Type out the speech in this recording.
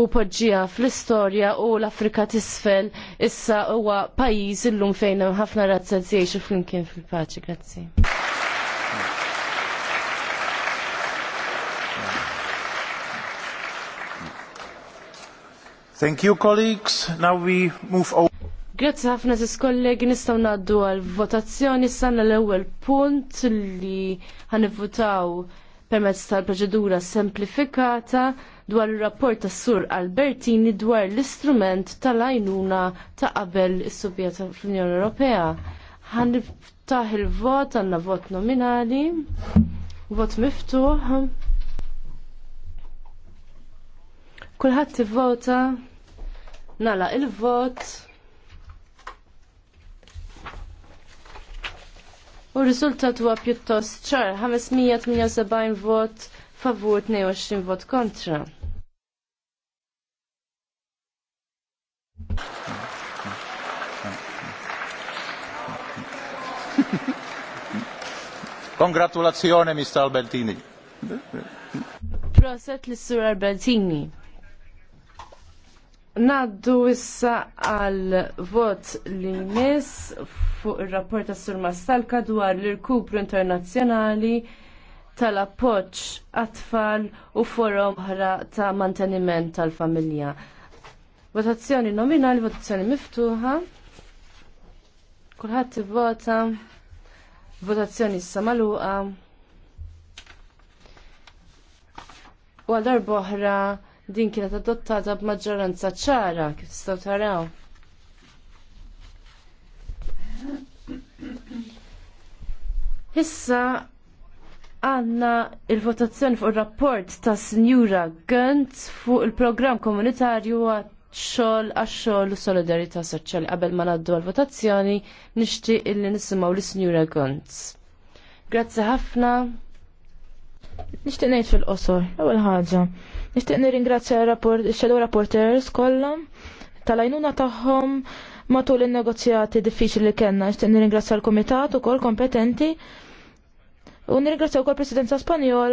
u poġġija fl-istorja u l-Afrika tisfel issa huwa pajjiż illum fejn hemm ħafna razzat jgħixu flimkien fil-paċi. Grazzi. Thank you, colleagues. Now we move on. Grazzi ħafna ziz kollegi nistaw naddu għal votazzjoni sanna l-ewwel punt li ħanivvutaw permezz tal-proċedura semplifikata dwar ir-rapport tas Sur Albertini dwar l-istrument tal-għajnuna ta' qabel is-subjet fl-Unjoni Ewropea. Ħanniftaħ niftaħ il-vot għandna vot nominali, vot miftuħ. Kulħadd ivvota nala il-vot. U r-riżultat huwa pjuttost ċar 578 vot favur 22 vot kontra. Kongratulazzjoni, Mr. Albertini. Proset l-Sur Albertini. Naddu issa għal vot li mis fuq il-rapport ta' Surma Stalka dwar l-irkupru internazzjonali tal-appoċ għatfall u forum oħra ta' manteniment tal-familja. Votazzjoni nominali, votazzjoni miftuħa. Kulħadd ivvota. Votazzjoni issa magħluqa. U għal darba oħra din kienet adottata b'maġġoranza ċara, kif tistgħu taraw. Issa għanna il-votazzjoni fuq il-rapport ta' Sinjura Gunt fuq il-programm komunitarju għax-xogħol għax-xogħol u solidarità soċjali qabel ma ngħaddu għal-votazzjoni nixtieq illi nisimgħu lis sinjura Gunt. Grazzi ħafna. Nixtieq ngħid fil-qosor, ewwel ħaġa. Nixtieq nirringrazzja x-shadow rapporters kollom, tal-għajnuna tagħhom matul in-negozjati diffiċli li kellna. Nixtieq nirringrazzja l-kumitat ukoll kompetenti u nirringrazzja wkoll Presidenza Spanjola